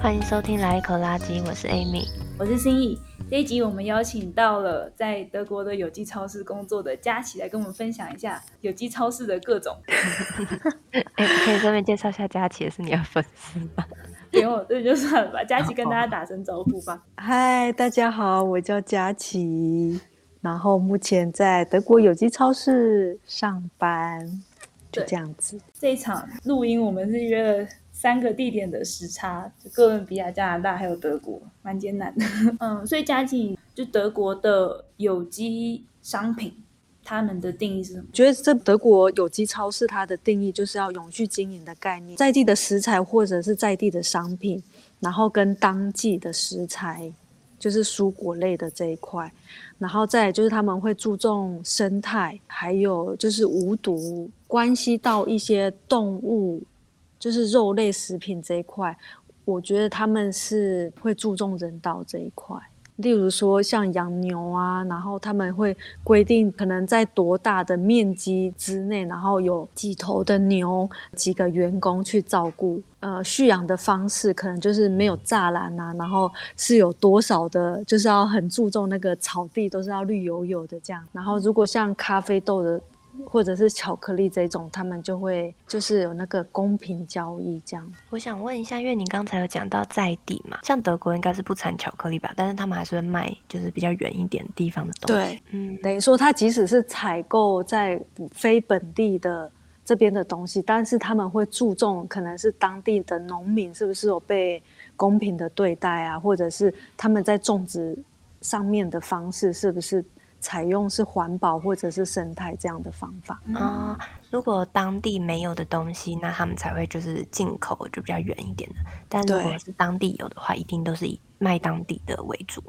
歡迎收聽《來一口垃圾》我，我是 Amy，我是心怡。這一集我們邀請到了在德國的有機超市工作的家祺來跟我們分享一下有機超市的各種 欸。可以順便介紹一下家祺 也是你的粉絲嗎？哦， 對，就算了吧。家祺跟大家打聲招呼吧。嗨，Hi, 大家好，我叫家祺，然後目前在德國有機超市上班，就這樣子。這一場錄音我們是約了三個地點的時差，就哥倫比亞、加拿大還有德國，蠻艱難的。 嗯，所以家祺就德國的有機商品。他們的定義是什麼？覺得這德國有機超市，它的定義就是要永續經營的概念，在地的食材或者是在地的商品，然後跟當季的食材，就是蔬果類的這一塊，然後再就是他們會注重生態，還有就是無毒，關係到一些動物，就是肉類食品這一塊，我覺得他們是會注重人道這一塊。例如說像養牛啊，然後他們會規定可能在多大的面積之內，然後有幾頭的牛，幾個員工去照顧。呃，蓄養的方式可能就是沒有柵欄吶，然後是有多少的，就是要很注重那個草地都是要綠油油的這樣。然後如果像咖啡豆的。或者是巧克力這一種，他們就會就是有那個公平交易這樣。我想問一下，因為您剛才有講到在地嘛，像德國應該是不產巧克力吧，但是他們還是會賣，就是比較遠一點地方的東西。對，嗯，等於說他即使是採購在非本地的這邊的東西，但是他們會注重可能是當地的農民是不是有被公平的對待啊，或者是他們在種植上面的方式是不是？採用是環保或者是生態這樣的方法啊。嗯嗯。如果當地沒有的東西，那他們才會就是進口，就比較遠一點的。但如果是當地有的話，一定都是以賣當地的為主。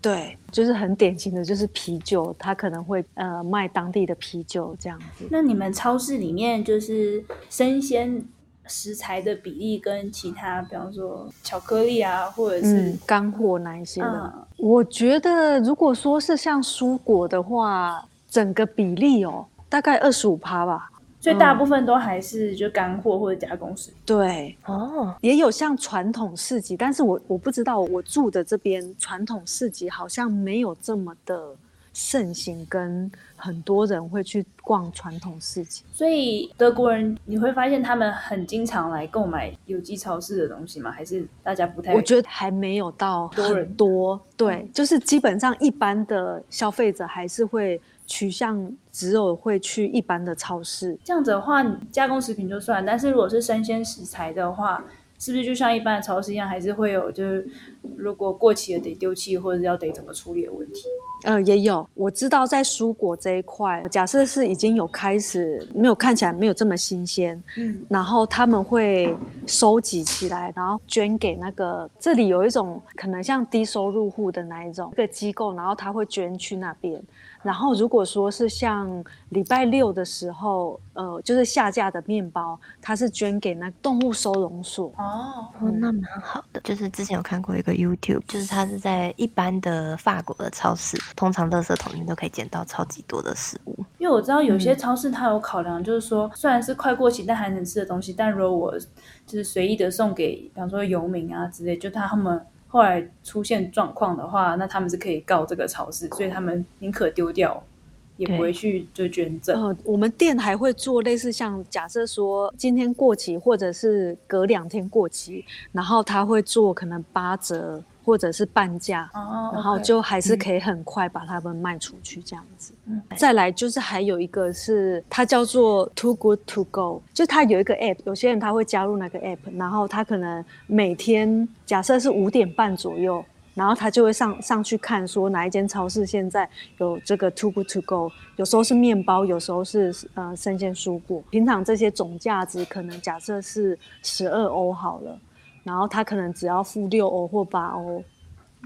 對，就是很典型的就是啤酒，它可能會呃賣當地的啤酒這樣子。那你們超市裡面就是生鮮。食材的比例跟其他，比方說巧克力啊，或者是乾貨哪一些的？嗯。我覺得如果說是像蔬果的話，整個比例哦、喔，大概二十五趴吧。所以大部分都還是就乾貨或者加工食。嗯。對哦、嗯，也有像傳統市集，但是我我不知道我住的這邊傳統市集好像沒有這麼的盛行，跟很多人會去逛傳統市集，所以德國人你會發現他們很經常來購買有機超市的東西嗎？還是大家不太？我覺得還沒有到很多，多人對，就是基本上一般的消費者還是會取向只有會去一般的超市。這樣子的話，你加工食品就算，但是如果是生鮮食材的話，是不是就像一般的超市一樣，還是會有就是如果過期了得丟棄，或者是要得怎麼處理的問題？嗯、呃，也有。我知道在蔬果這一塊，假設是已經有開始沒有看起來沒有這麼新鮮，嗯，然後他們會收集起來，然後捐給那個這裡有一種可能像低收入戶的那一種一個機構，然後他會捐去那邊。然後，如果說是像禮拜六的時候，呃，就是下架的麵包，它是捐給那動物收容所。哦、嗯，那蠻好的。就是之前有看過一個 YouTube，就是它是在一般的法國的超市，通常垃圾桶裡面都可以撿到超級多的食物。因為我知道有些超市它有考量，嗯、就是說雖然是快過期但還能吃的東西，但如果我就是隨意的送給，比方說遊民啊之類，就他們。後來出現狀況的話，那他們是可以告這個超市，cool. 所以他們寧可丟掉，也不會去做捐贈，呃。我們店還會做類似像，像假設說今天過期，或者是隔兩天過期，然後他會做可能八折。或者是半價，oh, okay. 然後就還是可以很快把它們賣出去這樣子。嗯。再來就是還有一個是它叫做 Too Good to Go，就它有一個 app，有些人他會加入那個 app，然後他可能每天假設是五點半左右，然後他就會上上去看說哪一間超市現在有這個 Too Good to Go，有時候是面包，有時候是呃生鮮蔬果。平常這些總價值可能假設是十二歐好了。然後他可能只要付六歐或八歐，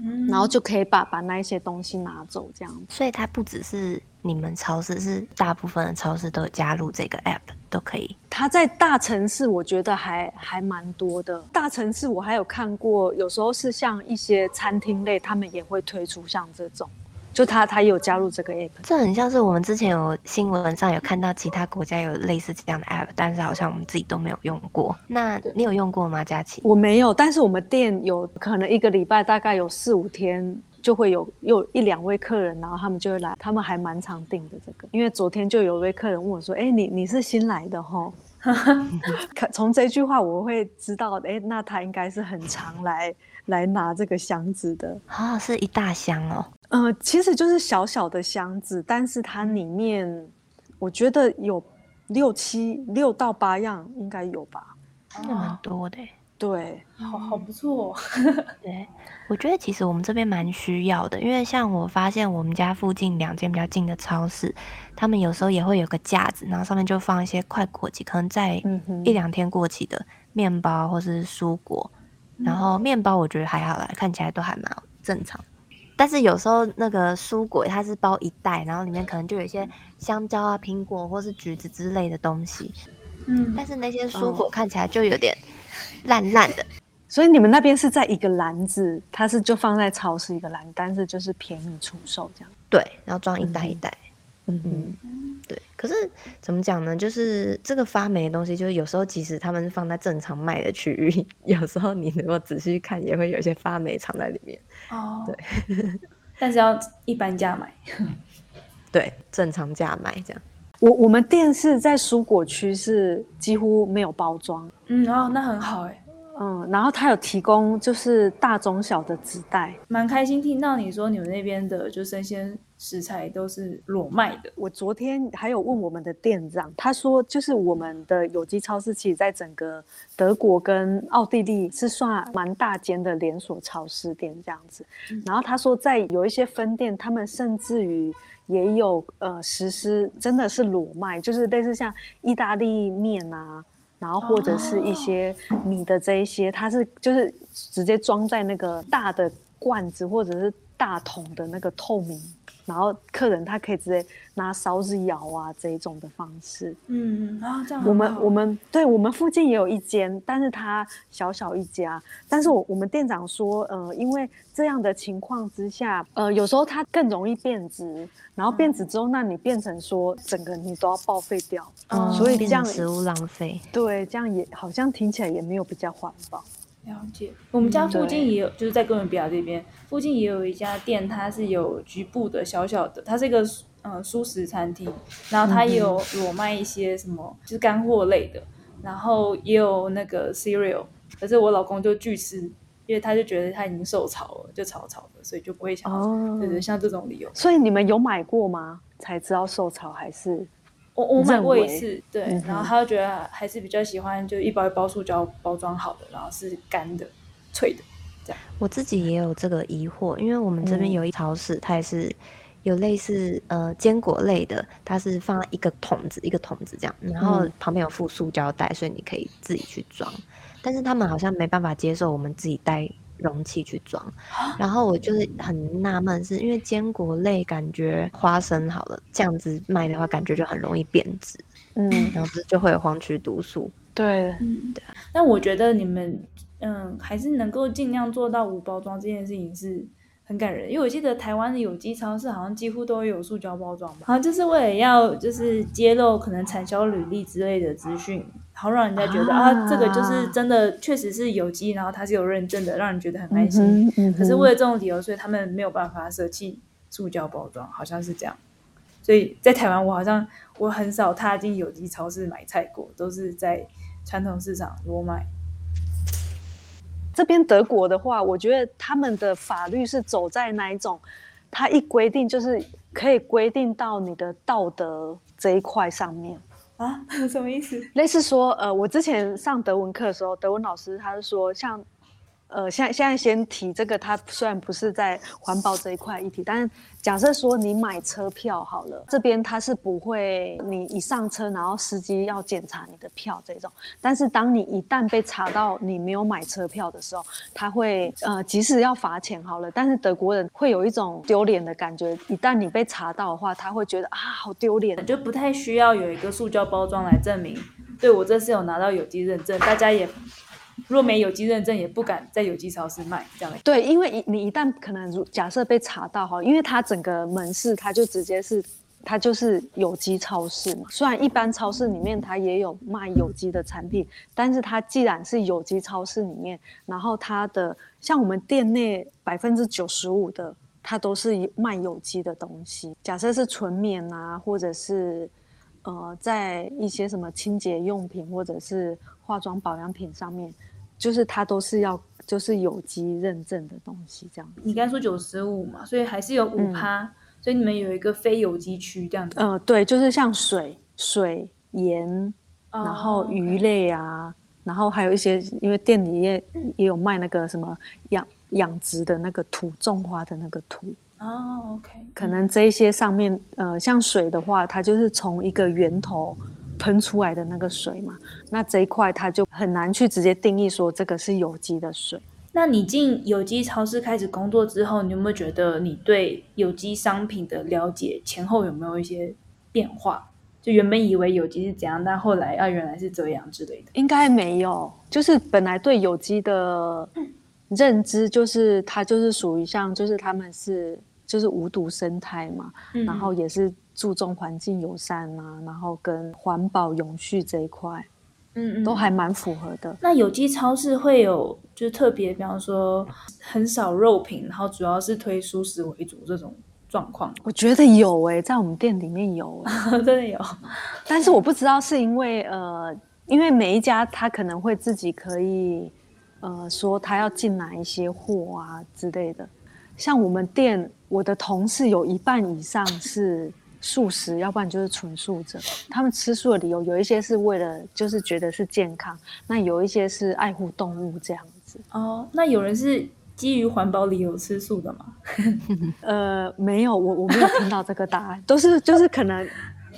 嗯，然後就可以把把那一些東西拿走這樣。所以它不只是你們超市，是大部分的超市都有加入這個 app，都可以。它在大城市我覺得還還蠻多的。大城市我還有看過，有時候是像一些餐廳類，他們也會推出像這種。就他，他有加入這個 app，這很像是我們之前有新聞上有看到其他國家有類似這樣的 app，但是好像我們自己都沒有用過。那你有用過嗎，家祺？我沒有，但是我們店有可能一個禮拜大概有四五天就會有有一兩位客人，然後他們就會來，他們還蠻常訂的這個。因為昨天就有一位客人問我說：“哎、欸，你你是新來的齁？”從 這句話我會知道，哎、欸，那他應該是很常來。來拿這個箱子的好、哦、是一大箱哦。呃，其實就是小小的箱子，但是它裡面，我覺得有六七六到八樣，應該有吧。那麼多的，對，哦、好好不錯、哦。 對，我覺得其實我們這邊蠻需要的，因為像我發現我們家附近兩間比較近的超市，他們有時候也會有個架子，然後上面就放一些快過期，可能在一兩天過期的麵包或是蔬果。然後麵包我覺得還好啦、嗯，看起來都還蠻正常。但是有時候那個蔬果它是包一袋，然後裡面可能就有一些香蕉啊、蘋果或是橘子之類的東西。嗯，但是那些蔬果看起來就有點爛爛的。嗯、所以你們那邊是在一個籃子，它是就放在超市一個籃子，但是就是便宜出售這樣。對，然後裝一袋一袋。嗯嗯嗯，對，可是怎麼講呢？就是這個發霉的東西，就是有時候即使他們放在正常賣的區域，有時候你如果仔細看，也會有些發霉藏在裡面。哦，對， 但是要一般價買， 對，正常價買這樣。我我們店是在蔬果區是幾乎沒有包裝。嗯哦，那很好哎、欸。嗯，然後他有提供就是大中小的紙袋，蠻開心聽到你說你們那邊的就生鮮食材都是裸賣的。我昨天還有問我們的店長，他說就是我們的有機超市其實在整個德國跟奧地利是算蠻大間的連鎖超市店這樣子，然後他說在有一些分店，他們甚至於也有呃實施真的是裸賣，就是類似像意大利麵啊。然後或者是一些米的這一些，它，是就是直接裝在那個大的罐子，或者是大桶的那個透明。然後客人他可以直接拿勺子舀啊，這一種的方式。嗯，哦、然後這樣。我們我們對我們附近也有一間，但是它小小一家。但是我我們店長說，呃，因為這樣的情況之下，呃，有時候它更容易變質，然後變質之後，嗯、那你變成說整個你都要報廢掉，嗯、所以這樣食物浪費。對，這樣也好像聽起來也沒有比較環保。了解，我們家附近也有，嗯、就是在哥倫比亞這邊附近也有一家店，它是有局部的小小的，它是一個呃蔬食餐廳，然後它也有裸賣一些什麼就是乾貨類的，然後也有那個 cereal，可是我老公就拒吃，因為他就覺得他已經受潮了，就潮潮的，所以就不會想、哦、就是像這種理由。所以你們有買過嗎？才知道受潮還是？我、哦、我買過一次，對、嗯，然後他就覺得還是比較喜歡，就一包一包塑膠包裝好的，然後是乾的、脆的這樣。我自己也有這個疑惑，嗯、因為我們這邊有一超市，它也是有類似呃堅果類的，它是放一個桶子一個桶子這樣，然後旁邊有附塑膠袋，所以你可以自己去裝、嗯，但是他們好像沒辦法接受我們自己帶容器去裝，然後我就是很納悶，是因為堅果類感覺花生好了這樣子賣的話，感覺就很容易變質，嗯，然後就會有黃曲毒素。對、嗯，但我覺得你們嗯還是能夠盡量做到無包裝這件事情是。很感人，因為我記得台灣的有機超市好像幾乎都有塑膠包裝吧？好、啊、像就是為了要就是揭露可能產銷履歷之類的資訊，好讓人家覺得啊,啊這個就是真的確實是有機，然後它是有認證的，讓人覺得很安心。嗯嗯、可是為了這種理由，所以他們沒有辦法舍棄塑膠包裝，好像是這樣。所以在台灣，我好像我很少踏進有機超市買菜過，都是在傳統市場多買。這邊德國的話，我覺得他們的法律是走在哪一種？他一規定就是可以規定到你的道德這一塊上面啊。什麼意思？類似說，呃，我之前上德文課的時候，德文老師他是說，像。呃，現現在先提這個，它雖然不是在環保這一塊議題，但是假設說你買車票好了，這邊它是不會，你一上車然後司機要檢查你的票這種，但是當你一旦被查到你沒有買車票的時候，他會呃即使要罰錢好了，但是德國人會有一種丟臉的感覺，一旦你被查到的話，他會覺得啊好丟臉，就不太需要有一個塑膠包裝來證明。對我這是有拿到有機認證，大家也。若沒有機認證，也不敢在有機超市賣，這樣對，因為一你一旦可能假設被查到哈，因為它整個門市它就直接是它就是有機超市嘛。雖然一般超市裡面它也有賣有機的產品，但是它既然是有機超市裡面，然後它的像我們店內百分之九十五的它都是賣有機的東西。假設是純棉啊，或者是。呃，在一些什麼清潔用品或者是化妝保養品上面，就是它都是要就是有機認證的東西這樣子。你剛才說九十五嘛，所以還是有五趴，嗯，所以你們有一個非有機區這樣子。嗯，呃，對，就是像水、水鹽、哦，然後魚類啊，okay. 然後還有一些，因為店裡面也，也有賣那個什麼養養殖的那個土，種花的那個土。哦，OK，可能這些上面，呃，像水的話，它就是從一個源頭噴出來的那個水嘛。那這一塊，它就很難去直接定義說這個是有機的水。那你進有機超市開始工作之後，你有沒有覺得你對有機商品的了解前後有沒有一些變化？就原本以為有機是怎樣，但後來啊，原來是這樣之類的。應該沒有，就是本來對有機的。嗯認知就是它就是屬於像就是他們是就是無毒生態嘛、嗯，然後也是注重環境友善啊，然後跟環保永續這一塊，嗯，嗯都還蠻符合的。那有機超市會有就是、特別，比方說很少肉品，然後主要是推蔬食為主這種狀況。我覺得有誒、欸，在我們店裡面有、欸， 真的有。但是我不知道是因為呃，因為每一家他可能會自己可以。呃，說他要進來一些貨啊之類的，像我們店，我的同事有一半以上是素食， 要不然就是純素者。他們吃素的理由，有一些是為了就是覺得是健康，那有一些是愛護動物這樣子。哦，那有人是基於環保理由吃素的嗎？ 呃，沒有，我我沒有聽到這個答案， 都是就是可能。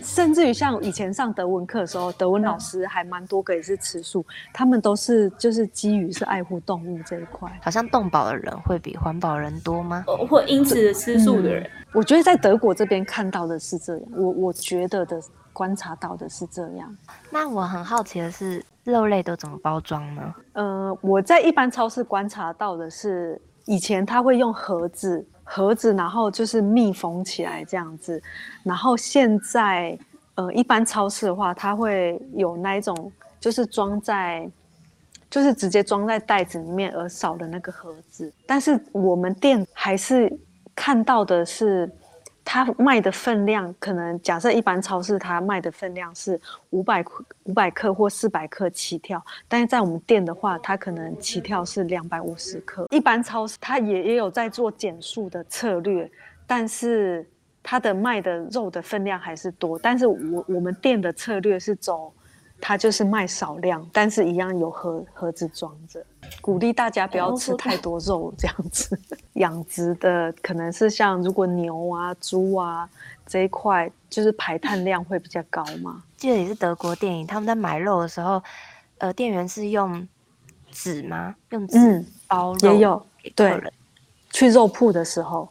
甚至於像以前上德文課的時候，德文老師還蠻多個也是吃素，他們都是就是基於是愛護動物這一塊。好像動保的人會比環保人多嗎？或因此吃素的人。嗯，我覺得在德國這邊看到的是這樣，我我覺得的觀察到的是這樣。那我很好奇的是，肉類都怎麼包裝呢？呃，我在一般超市觀察到的是。以前他會用盒子，盒子，然後就是密封起來這樣子，然後現在，呃，一般超市的話，他會有那一種，就是裝在，就是直接裝在袋子裡面而少的那個盒子，但是我們店還是看到的是。它賣的分量可能假設一般超市它賣的分量是五百五百克或四百克起跳，但是在我們店的話，它可能起跳是兩百五十克。一般超市它也也有在做減塑的策略，但是它的賣的肉的分量還是多。但是我我們店的策略是走。它就是賣少量，但是一樣有盒盒子裝着，鼓勵大家不要吃太多肉這樣子。養、哦、 殖的可能是像如果牛啊、豬啊這一塊，就是排碳量會比較高嘛。 記得你是德國電影，他們在買肉的時候，呃，店員是用紙嗎？用紙、嗯、包肉，肉。也有對，去肉鋪的時候。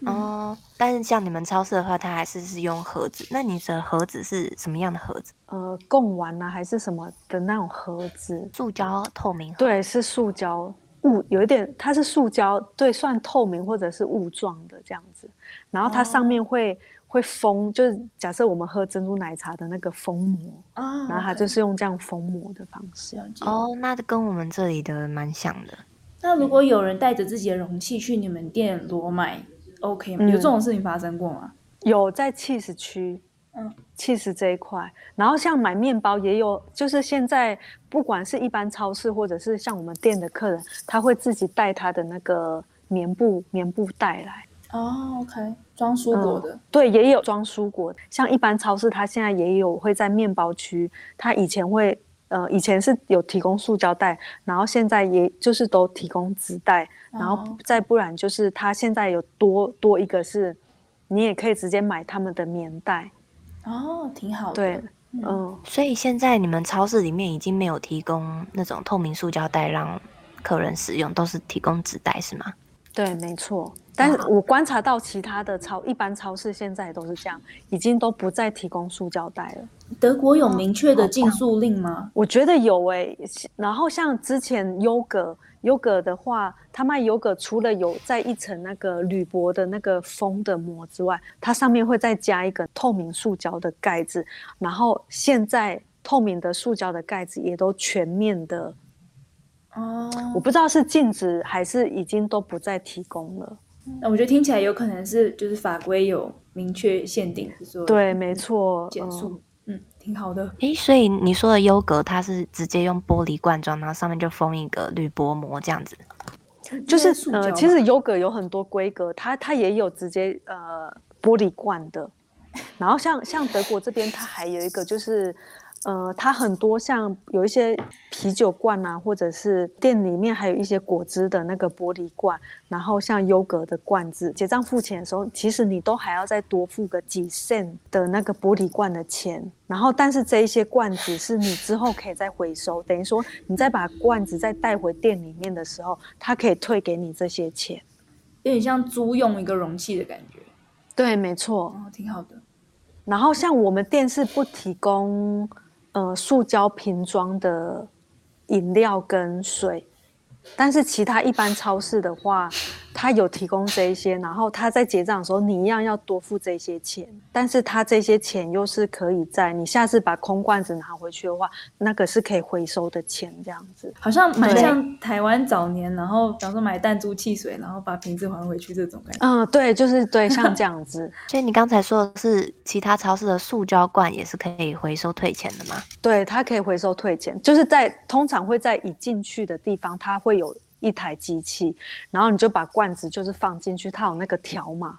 哦、嗯呃，但是像你們超市的話，它還是是用盒子。那你的盒子是什麼樣的盒子？呃，貢丸啊，還是什麼的那種盒子？塑膠透明。對，是塑膠霧，有一點，它是塑膠，對，算透明或者是霧狀的這樣子。然後它上面會、哦、會封，就是假設我們喝珍珠奶茶的那個封膜、嗯，然後它就是用這樣封膜的方式。哦，那就跟我們這裡的蠻像的。那如果有人帶着自己的容器去你們店裸買？O、okay, K，、嗯、有這種事情發生過嗎？有在 cheese 區，嗯，cheese 這一塊，然後像買麵包也有，就是現在不管是一般超市或者是像我們店的客人，他會自己帶他的那個棉布棉布袋來。哦，OK，裝蔬果的。嗯，對，也有裝蔬果的。像一般超市，他現在也有會在面包區，他以前會。呃，以前是有提供塑膠袋，然後現在也就是都提供紙袋，哦、然後再不然就是他現在有多多一個是你也可以直接買他們的棉袋，哦，挺好的。對，嗯、呃，所以現在你們超市裡面已經沒有提供那種透明塑膠袋讓客人使用，都是提供紙袋是嗎？對，沒錯。但是我觀察到其他的超一般超市現在都是這樣，已經都不再提供塑膠袋了。德國有明確的禁塑令嗎？嗯，我覺得有哎，欸。然後像之前優格，優格的話，它賣優格除了有在一層那個鋁箔的那個封的、的膜之外，它上面會再加一個透明塑膠的蓋子。然後現在透明的塑膠的蓋子也都全面的哦，嗯，我不知道是禁止還是已經都不再提供了。那我覺得聽起來有可能是，就是法規有明確限定，說對，沒錯，減速，嗯，嗯，挺好的，嗯。誒，所以你說的優格，它是直接用玻璃罐裝，然後上面就封一個鋁箔膜這樣子，是就是呃，其實優格有很多規格，它、它也有直接呃玻璃罐的，然後像像德國這邊，它還有一個就是。呃，它很多像有一些啤酒罐啊，或者是店裡面還有一些果汁的那個玻璃罐，然後像優格的罐子，結賬付錢的時候，其實你都還要再多付個幾 cent 的那個玻璃罐的錢。然後，但是這一些罐子是你之後可以再回收，等於說你再把罐子再帶回店裡面的時候，它可以退給你這些錢，有點像租用一個容器的感覺。對，沒錯。哦，挺好的。然後像我們店是不提供。呃，塑膠瓶裝的飲料跟水，但是其他一般超市的話。他有提供這一些，然後他在結賬的時候，你一樣要多付這些錢，但是他這些錢又是可以在你下次把空罐子拿回去的話，那個是可以回收的錢，這樣子好像蠻像台灣早年，然後假如說買彈珠汽水，然後把瓶子還回去這種感覺。嗯，對，就是對，像這樣子。 所以你剛才說的是，其他超市的塑膠罐也是可以回收退錢的嗎？對，它可以回收退錢，就是在通常會在一進去的地方，它會有。一台機器，然後你就把罐子，就是放進去，它有那個條碼，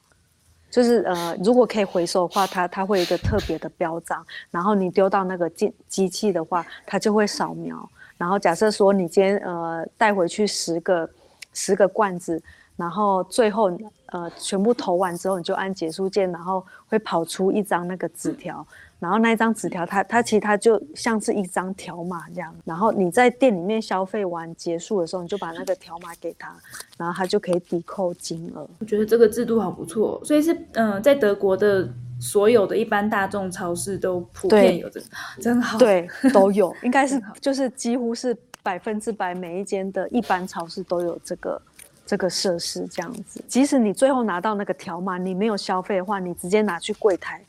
就是呃，如果可以回收的話，它它會有一個特別的標章，然後你丟到那個機器的話，它就會掃描。然後假設說你今天呃帶回去十個十個罐子，然後最後呃全部投完之後，你就按結束鍵，然後會跑出一張那個紙條。然後那一張紙條它，它它其實它就像是一張條碼這樣。然後你在店裡面消費完結束的時候，你就把那個條碼給他，然後他就可以抵扣金額。我覺得這個制度好不錯、哦，所以是嗯、呃，在德國的所有的一般大眾超市都普遍有這個，真好，對， 都有，應該是就是幾乎是百分之百，每一間的一般超市都有這個這個設施這樣子。即使你最後拿到那個條碼，你沒有消費的話，你直接拿去櫃台。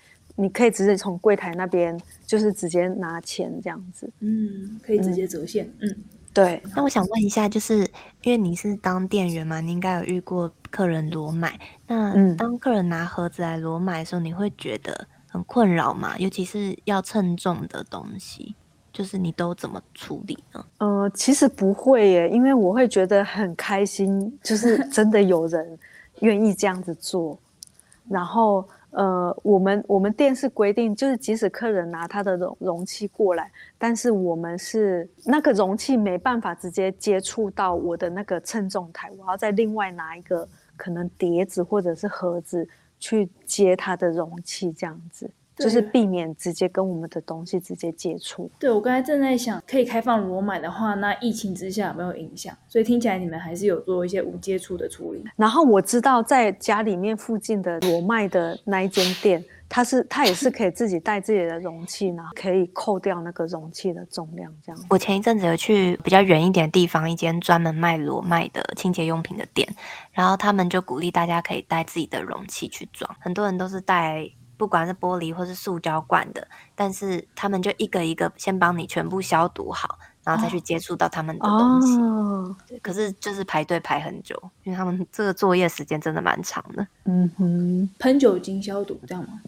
你可以直接從櫃檯那邊，就是直接拿錢這樣子。嗯，可以直接折現、嗯。嗯，對。那我想問一下，就是因為你是當店員嘛，你應該有遇過客人裸買。那當客人拿盒子來裸買的時候、嗯，你會覺得很困擾嗎？尤其是要稱重的東西，就是你都怎麼處理呢？呃，其實不會耶，因為我會覺得很開心，就是真的有人願意這樣子做， 然後。呃，我們我們店是規定，就是即使客人拿他的容容器過來，但是我們是那個容器沒辦法直接接觸到我的那個稱重台，我要再另外拿一個可能碟子或者是盒子去接他的容器，這樣子。就是避免直接跟我們的東西直接接觸。對，我剛才正在想，可以開放裸買的話，那疫情之下有沒有影響？所以聽起來你們還是有做一些無接觸的處理。然後我知道在家裡面附近的裸買的那一間店，它是它也是可以自己帶自己的容器呢，可以扣掉那個容器的重量。這樣，我前一陣子有去比較遠一點的地方，一間專門賣裸買的清潔用品的店，然後他們就鼓勵大家可以帶自己的容器去裝，很多人都是帶。不管是玻璃或是塑膠罐的，但是他們就一個一個先幫你全部消毒好，然後再去接觸到他們的東西。Oh. Oh. 可是就是排隊排很久，因為他們這個作業時間真的蠻長的。嗯哼，噴酒精消毒這樣嗎？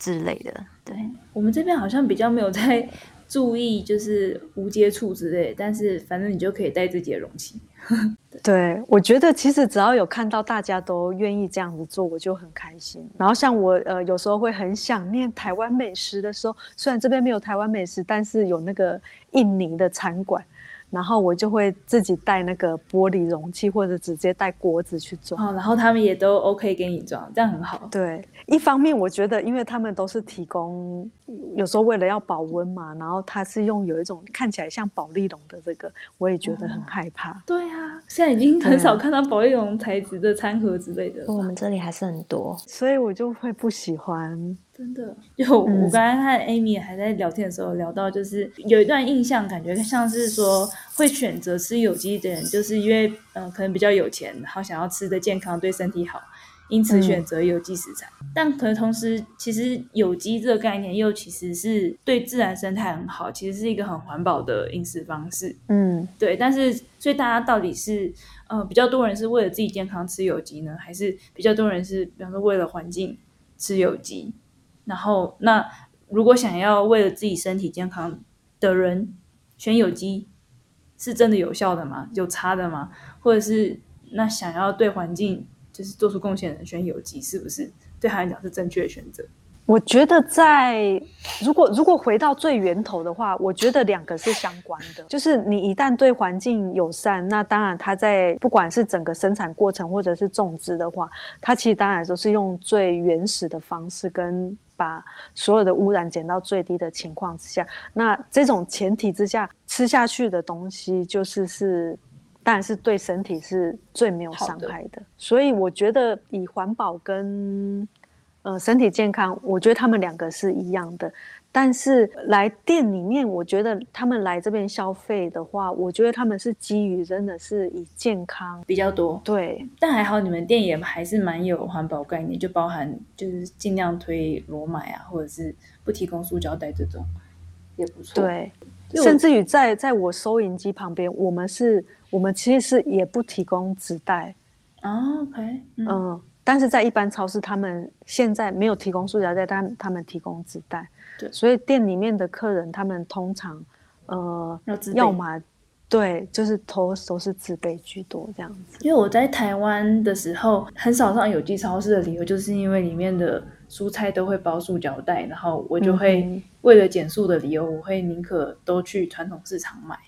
之類的。對，我們這邊好像比較沒有在注意，就是無接觸之類，但是反正你就可以帶自己的容器。 對，我覺得其實只要有看到大家都願意這樣子做，我就很開心。然後像我呃，有時候會很想念台灣美食的時候，雖然這邊沒有台灣美食，但是有那個印尼的餐館。然後我就會自己帶那個玻璃容器，或者直接帶鍋子去裝、哦。然後他們也都 OK 給你裝，這樣很好。對，一方面我覺得，因為他們都是提供，有時候為了要保溫嘛，然後他是用有一種看起來像保麗龍的這個，我也覺得很害怕、嗯。對啊，現在已經很少看到保麗龍材質的餐盒之類的。啊、我們這裡還是很多，所以我就會不喜歡。真的、嗯，就我剛才和 Amy 還在聊天的時候，聊到就是有一段印象，感覺像是說會選擇吃有機的人，就是因為嗯、呃，可能比較有錢，然後想要吃的健康，對身體好，因此選擇有機食材、嗯。但可能同時，其實有機這個概念又其實是對自然生態很好，其實是一個很環保的飲食方式。嗯，對。但是，所以大家到底是嗯、呃、比較多人是為了自己健康吃有機呢，還是比較多人是比方說為了環境吃有機？然後，那如果想要為了自己身體健康的人選有機，是真的有效的嗎？有差的嗎？或者是那想要對環境就是做出貢獻的人選有機，是不是對他來講是正確的選擇？我覺得在，在如果如果回到最源頭的話，我覺得兩個是相關的。就是你一旦對環境友善，那當然他在不管是整個生產過程或者是種植的話，它其實當然都是用最原始的方式跟，把所有的污染減到最低的情況之下，那這種前提之下，吃下去的東西就是是，當然是對身體是最沒有傷害的。所以我覺得以環保跟，呃，身體健康，我覺得他們兩個是一樣的。但是來店裡面，我覺得他們來這邊消費的話，我覺得他們是基於真的是以健康比較多。對，但還好你們店也還是蠻有環保概念，就包含就是盡量推裸買啊，或者是不提供塑膠袋這種，也不錯。對，甚至於在在我收銀機旁邊，我們是，我們其實是也不提供紙袋。啊，哦，OK，嗯。嗯但是在一般超市，他們現在沒有提供塑膠袋，但他們提供紙袋。對，所以店裡面的客人他們通常，呃，要要麼對，就是都都是紙杯居多這樣子。因為我在台灣的時候很少上有機超市的理由，就是因為裡面的蔬菜都會包塑膠袋，然後我就會為了減塑的理由，嗯、我會寧可都去傳統市場買。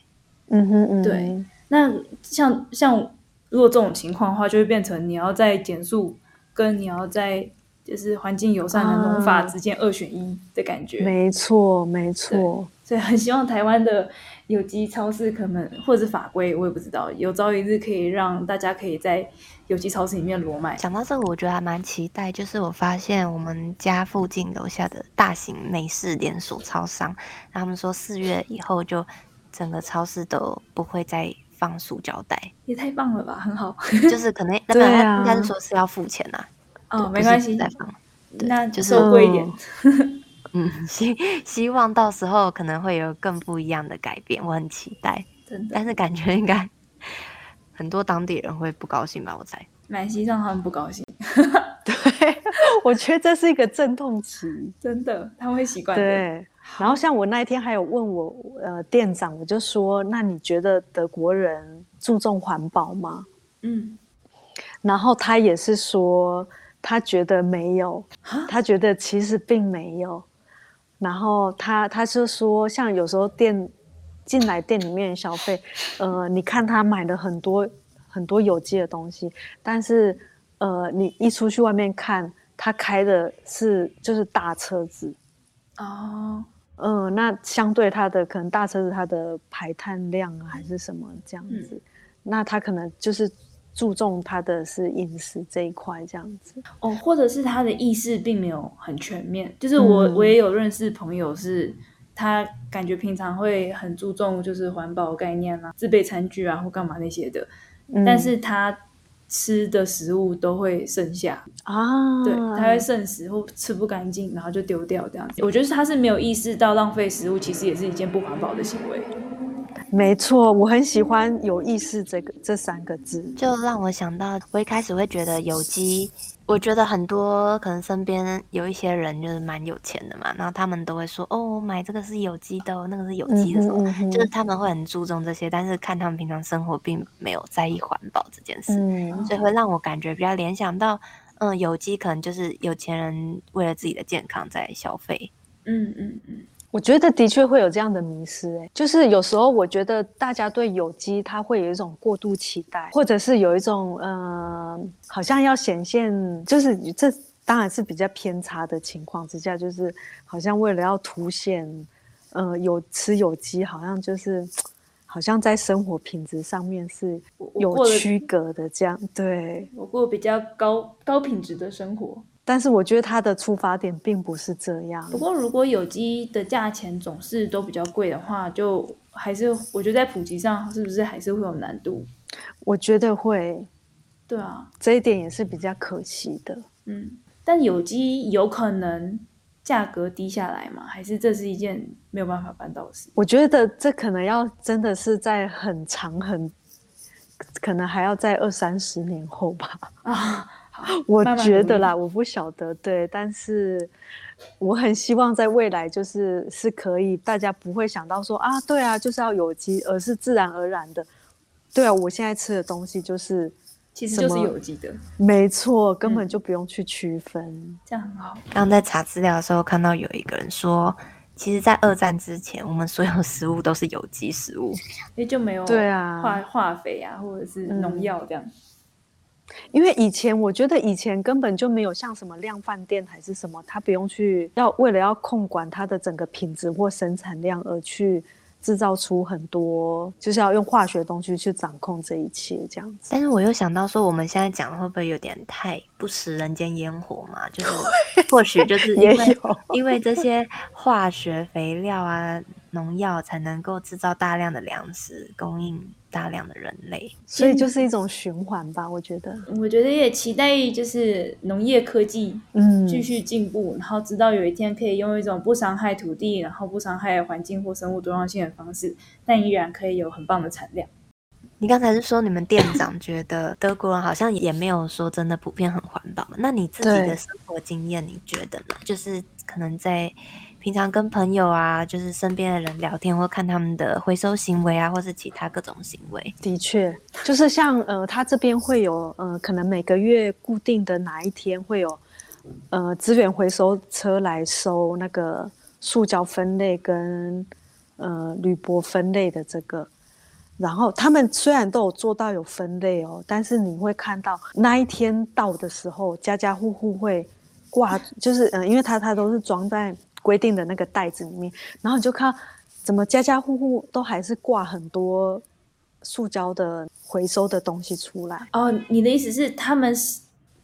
嗯哼嗯哼。對，那像像如果這種情況的話，就會變成你要在減塑。跟你要在就是環境友善的農法之間二選一的感覺，沒錯沒錯，所以很希望台灣的有機超市可能或者是法規我也不知道，有朝一日可以讓大家可以在有機超市裡面裸買。講到這個，我覺得還蠻期待，就是我發現我們家附近樓下的大型美式連鎖超商，他們說四月以後就整個超市都不會再。放塑膠袋也太棒了吧，很好， 就是可能那個應該是說是要付錢吶、啊啊，哦，沒關係，再放，那就是貴一點，就是哦、 嗯，希希望到時候可能會有更不一樣的改變，我很期待，真的，但是感覺應該很多當地人會不高興吧，我猜買西藏他們不高興， 對，我覺得這是一個陣痛期，真的，他會習慣的。對然後像我那一天還有問我，呃，店長，我就說，那你覺得德國人注重環保嗎？嗯，然後他也是說，他覺得沒有，他覺得其實並沒有。然後他他就說，像有時候店進來店裡面消費，呃，你看他買了很多很多有機的東西，但是呃，你一出去外面看，他開的是就是大車子。哦，嗯、呃，那相對他的可能大車子他的排碳量，啊，還是什麼這樣子，嗯，那他可能就是注重他的是飲食這一塊這樣子。哦，或者是他的意識並沒有很全面，就是我我也有認識朋友是、嗯，他感覺平常會很注重就是環保概念啊、自備餐具啊或幹嘛那些的，嗯、但是他。吃的食物都會剩下啊，對，他會剩食物吃不乾淨，然後就丟掉這樣子。我覺得他是沒有意識到浪費食物其實也是一件不環保的行為。沒錯，我很喜歡有意識這個這三個字，就讓我想到我一開始會覺得有機。我覺得很多可能身邊有一些人就是蠻有錢的嘛，然後他們都會說哦，買這個是有機的，哦，那個是有機的，什麼、嗯，就是他們會很注重這些，但是看他們平常生活並沒有在意環保這件事，嗯、所以會讓我感覺比較聯想到，嗯、呃，有機可能就是有錢人為了自己的健康在消費。嗯嗯嗯。嗯我覺得的確會有這樣的迷思，哎，就是有時候我覺得大家對有機，他會有一種過度期待，或者是有一種，嗯、呃、好像要顯現，就是這當然是比較偏差的情況之下，就是好像為了要凸顯，嗯、呃、有吃有機，好像就是，好像在生活品質上面是有區隔的，這樣，我，對，我過比較高高品質的生活。但是我覺得他的出發點並不是這樣。不過，如果有機的價錢總是都比較貴的話，就還是我覺得在普及上是不是還是會有難度？我覺得會。對啊，這一點也是比較可惜的。嗯。嗯，但有機有可能價格低下來嗎？還是這是一件沒有辦法辦到的事？我覺得這可能要真的是在很長很，可能還要在二三十年後吧。啊。 我覺得啦，慢慢我不曉得，對，但是我很希望在未來，就是是可以大家不會想到說啊，對啊，就是要有機，而是自然而然的，對啊，我現在吃的東西就是其實就是有機的，沒錯，根本就不用去區分、嗯，這樣很好。剛剛在查資料的時候看到有一個人說，其實在二戰之前，我們所有食物都是有機食物，也、欸、就沒有對啊化化肥啊或者是農藥這樣。嗯因為以前我覺得，以前根本就沒有像什麼量販店還是什麼，他不用去要為了要控管，他的整個品質或生產量而去制造出很多，就是要用化學東西去掌控這一切這樣子。但是我又想到說，我們現在講會不會有點太不食人間煙火嘛？ 就是或許就是因為 也有笑因為這些化學肥料啊。農藥才能夠製造大量的糧食，供應大量的人類，嗯、所以就是一種循環吧，我覺得，我覺得也期待就是農業科技嗯繼續進步，然後直到有一天可以用一種不傷害土地、然後不傷害環境或生物多樣性的方式，但依然可以有很棒的產量。你剛才是說你們店長覺得德國人好像也沒有說真的普遍很環保， 那你自己的生活經驗，你覺得呢？就是可能在。平常跟朋友啊，就是身邊的人聊天，或看他們的回收行為啊，或是其他各種行為。的確，就是像呃，他這邊會有呃，可能每個月固定的哪一天會有呃資源回收車來收那個塑膠分類跟呃鋁箔分類的這個。然後他們雖然都有做到有分類哦，但是你會看到那一天到的時候，家家戶戶會掛，就是嗯，因為他他都是裝在。規定的那個袋子裡面，然後你就看，怎麼家家戶戶都還是掛很多塑膠的回收的東西出來。哦，你的意思是，他們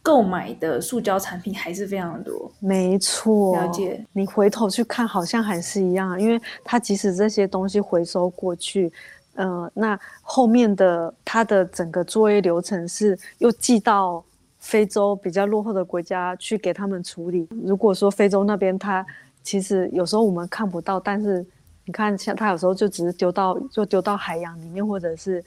購買的塑膠產品還是非常多？沒錯，了解。你回頭去看，好像還是一樣，因為他即使這些東西回收過去，呃，那後面的他的整個作業流程是又寄到非洲比較落後的國家去給他們處理。如果說非洲那邊他。其實有時候我們看不到，但是你看，像他有時候就只是丟到，就丟到海洋裡面，或者是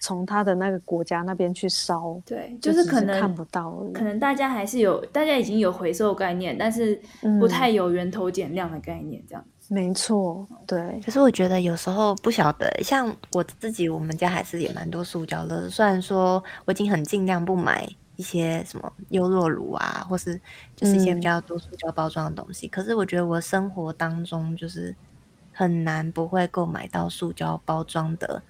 從他的那個國家那邊去燒。對，就，就是可能看不到。可能大家還是有，大家已經有回收概念，但是不太有源頭減量的概念，這樣、嗯。沒錯，對、嗯。可是我覺得有時候不曉得，像我自己，我們家還是也蠻多塑膠的。雖然說我已經很盡量不買。一些什麼優酪乳啊，或是就是一些比較多塑膠包裝的東西、嗯。可是我覺得我生活當中就是很難不會購買到塑膠包裝的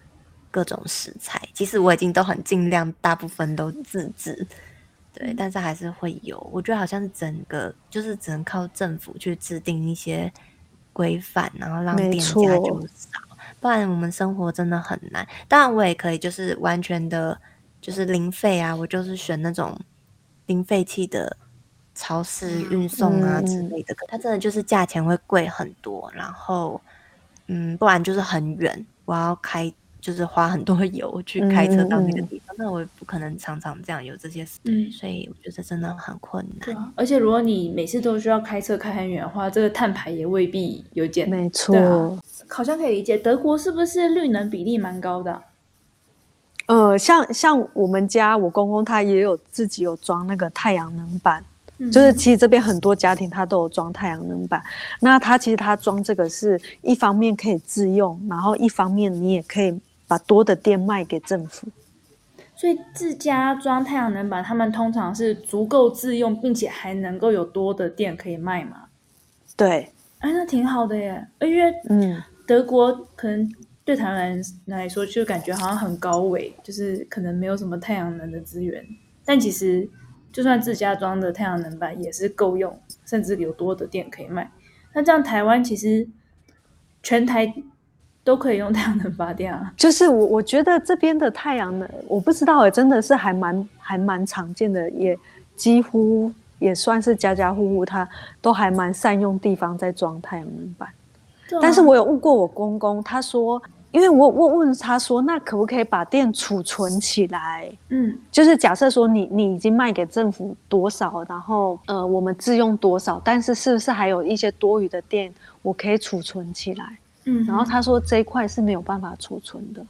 各種食材。其實我已經都很盡量，大部分都自製，對，但是還是會有。我覺得好像整個就是只能靠政府去制定一些規範，然後讓店家就少。不然我們生活真的很難。當然，我也可以就是完全的。就是零廢啊，我就是選那種零廢棄的超市運送啊之類的，嗯嗯、它真的就是價錢會貴很多，然後嗯，不然就是很遠，我要開就是花很多油去開車到那個地方，那、嗯嗯、我也不可能常常這樣有這些事，情、嗯、所以我覺得真的很困難、啊。而且如果你每次都需要開車開很遠的話，這個碳排也未必有減，沒錯、啊，好像可以理解。德國是不是綠能比例蠻高的？呃，像像我們家我公公他也有自己有裝那個太陽能板，嗯，就是其實這邊很多家庭他都有裝太陽能板。那他其實他裝這個是一方面可以自用，然後一方面你也可以把多的電賣給政府。所以自家裝太陽能板，他們通常是足夠自用，並且還能夠有多的電可以賣嗎？對，哎，欸，那挺好的耶！欸，因為嗯，德國可能，嗯。對台灣來說，就感覺好像很高緯。就是可能沒有什麼太陽能的資源。但其實，就算自家裝的太陽能板也是夠用，甚至有多的電可以賣。那這樣台灣其實全台都可以用太陽能發電啊！就是我我覺得這邊的太陽能，我不知道誒，真的是還蠻還蠻常見的，也幾乎也算是家家戶戶他都還蠻善用地方在裝太陽能板。啊、但是我有問過我公公，他說。因為我我問他說，那可不可以把電儲存起來？嗯，就是假設說你你已經賣給政府多少，然後呃我們自用多少，但是是不是還有一些多餘的電我可以儲存起來？嗯，然後他說這一塊是沒有辦法儲存的，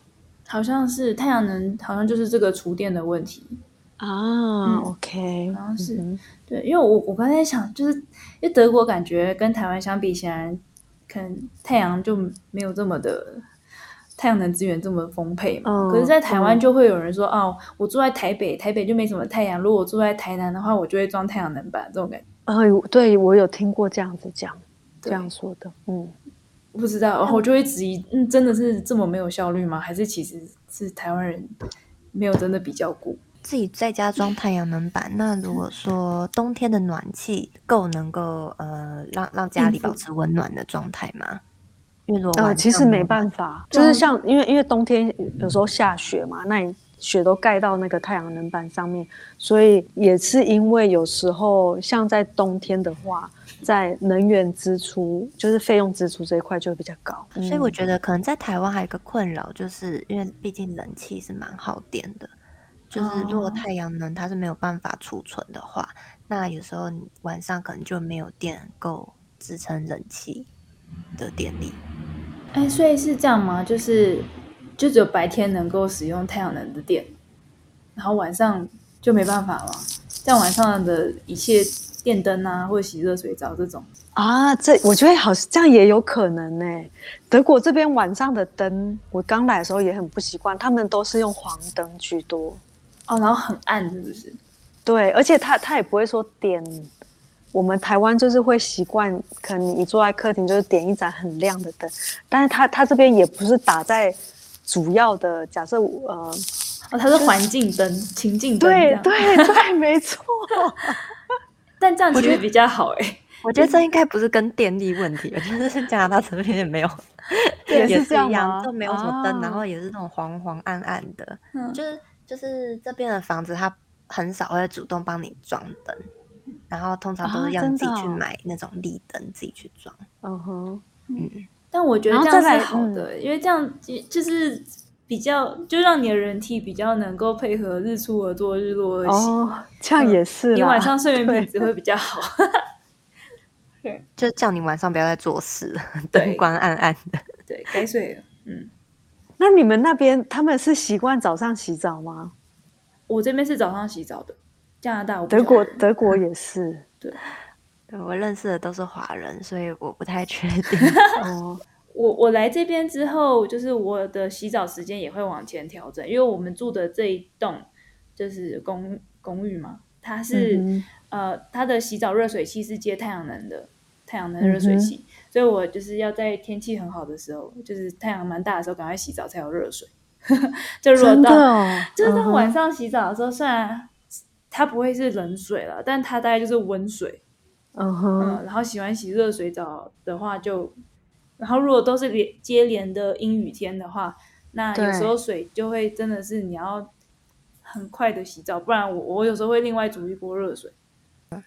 好像是太陽能，好像就是這個儲電的問題啊。OK，好像是、嗯、對，因為我我剛才想，就是因為德國感覺跟台灣相比起來，可能太陽就沒有這麼的。太陽能資源這麼豐沛嘛？嗯、可是，在台灣就會有人說、嗯：“哦，我住在台北，台北就沒什麼太陽。如果我住在台南的話，我就會裝太陽能板。”這種感覺。呃，對，我有聽過這樣子講，這樣說的。嗯，不知道，然、哦、後我就會質疑，嗯，真的是這麼沒有效率嗎？還是其實是台灣人沒有真的比較過自己在家裝太陽能板？那如果說冬天的暖氣夠能夠呃讓讓家裡保持溫暖的狀態嗎？嗯嗯啊、哦，其實沒辦法，就是像因為因為冬天有時候下雪嘛，那你雪都蓋到那個太陽能板上面，所以也是因為有時候像在冬天的話，在能源支出就是費用支出這一塊就會比較高，嗯。所以我覺得可能在台灣還有一個困擾，就是因為畢竟冷氣是蠻耗電的，就是如果太陽能它是沒有辦法儲存的話，那有時候晚上可能就沒有電夠支撐冷氣。的電力，哎、欸，所以是這樣嗎？就是就只有白天能夠使用太陽能的電，然後晚上就沒辦法了。像晚上的一切電燈啊，或者洗熱水澡這種啊，這我覺得好像這樣也有可能呢、欸。德國這邊晚上的燈，我剛來的時候也很不習慣，他們都是用黃燈居多哦，然後很暗，是不是？對，而且他他也不會說點。我們台灣就是會習慣，可能你坐在客廳就是點一盞很亮的燈，但是他他這邊也不是打在主要的，假設我呃，哦，他是環境燈、就是、情境燈對對對，對 沒錯。但這樣其實也、欸、我覺得比較好哎。我覺得這應該不是跟電力問題，我覺得加拿大這邊也沒有，對也是這樣，也是一樣，都沒有什麼燈、哦，然後也是那種黃黃暗暗的，嗯、就是就是這邊的房子，他很少會主動幫你裝燈。然後通常都是要自己去買那種立燈，自己去裝。哦、啊啊、嗯。但我覺得這樣是好的、嗯嗯，因為這樣就是比較，就讓你的人體比較能夠配合日出而作，日落而息。哦，這樣也是、嗯。你晚上睡眠品質會比較好。 是就叫你晚上不要再做事對，燈光暗暗的對。對，該睡了。嗯。那你們那邊他們是習慣早上洗澡嗎？我這邊是早上洗澡的。加拿大我不，德國，德國也是對。對，我認識的都是華人，所以我不太確定。哦， 我我來這邊之後，就是我的洗澡時間也會往前調整，因為我們住的這一棟就是公公寓嘛，它是、嗯、呃，它的洗澡熱水器是接太陽能的，太陽能熱水器、嗯，所以我就是要在天氣很好的時候，就是太陽蠻大的時候，趕快洗澡才有熱水。 就熱到、哦、就是到晚上洗澡的時候算、啊，算、嗯它不會是冷水了，但它大概就是溫水，Uh-huh. 嗯，然後喜歡洗熱水澡的話就，然後如果都是連接連的陰雨天的話，那有時候水就會真的是你要很快的洗澡，不然我我有時候會另外煮一鍋熱水。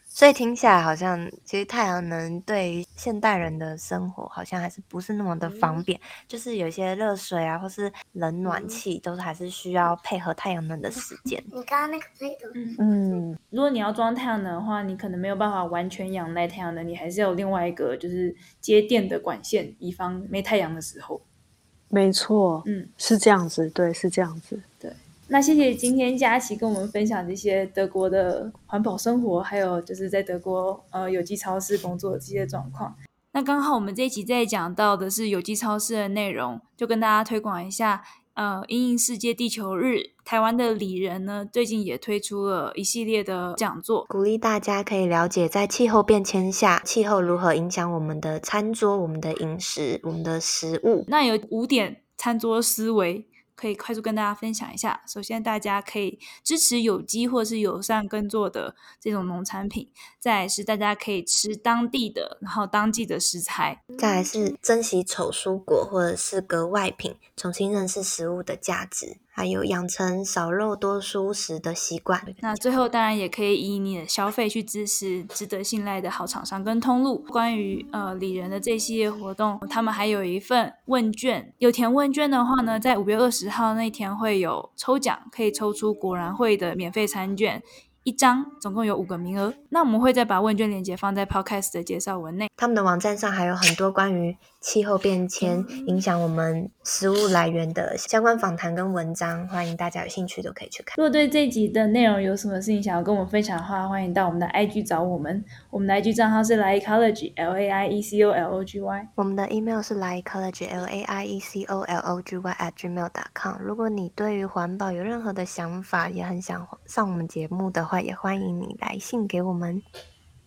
所以聽起來好像，其實太陽能對於現代人的生活好像還是不是那麼的方便。嗯、就是有些熱水啊，或是冷暖氣、嗯，都是還是需要配合太陽能的時間。你剛剛那個配嗯，如果你要裝太陽能的話，你可能沒有辦法完全仰賴太陽能，你還是要有另外一個就是接電的管線，以防沒太陽的時候。沒錯，嗯，是這樣子，對，是這樣子，對。那謝謝今天家祺跟我們分享這些德國的環保生活，還有就是在德國呃有機超市工作這些狀況。那剛好我們這一集在講到的是有機超市的內容，就跟大家推廣一下。呃，因應世界地球日，台灣的里仁呢最近也推出了一系列的講座，鼓勵大家可以了解在氣候變遷下，氣候如何影響我們的餐桌、我們的飲食、我們的食物。那有五點餐桌思維。可以快速跟大家分享一下。首先，大家可以支持有機或是友善耕作的這種農產品；再來是，大家可以吃當地的、然後當季的食材；再來是，珍惜醜蔬果或者是格外品，重新認識食物的價值。還有養成少肉多蔬食的習慣。那最後當然也可以以你的消費去支持值得信賴的好廠商跟通路。關於呃里仁，的這系列活動，他們還有一份問卷，有填問卷的話呢，在五月二十號那天會有抽獎，可以抽出果然會的免費餐券。一張，總共有五個名額。那我們會再把問卷鏈接放在 Podcast 的介紹文內。他們的網站上還有很多關於氣候變遷影響我們食物來源的相關訪談跟文章，歡迎大家有興趣都可以去看。如果對這集的內容有什麼事情想要跟我們分享的話，歡迎到我們的 IG 找我們。我們的 IG 賬號是 Laiecology L A I E C O L O G Y。我們的 email 是 Laiecology L A I E C O L O G Y at gmail.com。如果你對於環保有任何的想法，也很想上我們節目的話，也歡迎你來信給我們，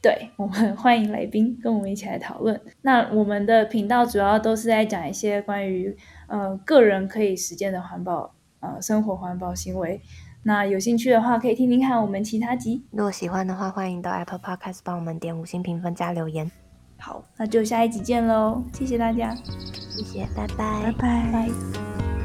對，我們歡迎來賓跟我們一起來討論。那我們的頻道主要都是在講一些關於呃個人可以實踐的環保呃生活環保行為。那有興趣的話可以聽聽看我們其他集。如果喜歡的話，歡迎到 Apple Podcast 幫我們點五星評分加留言。好，那就下一集見嘍！謝謝大家，謝謝，拜拜，拜拜。拜拜。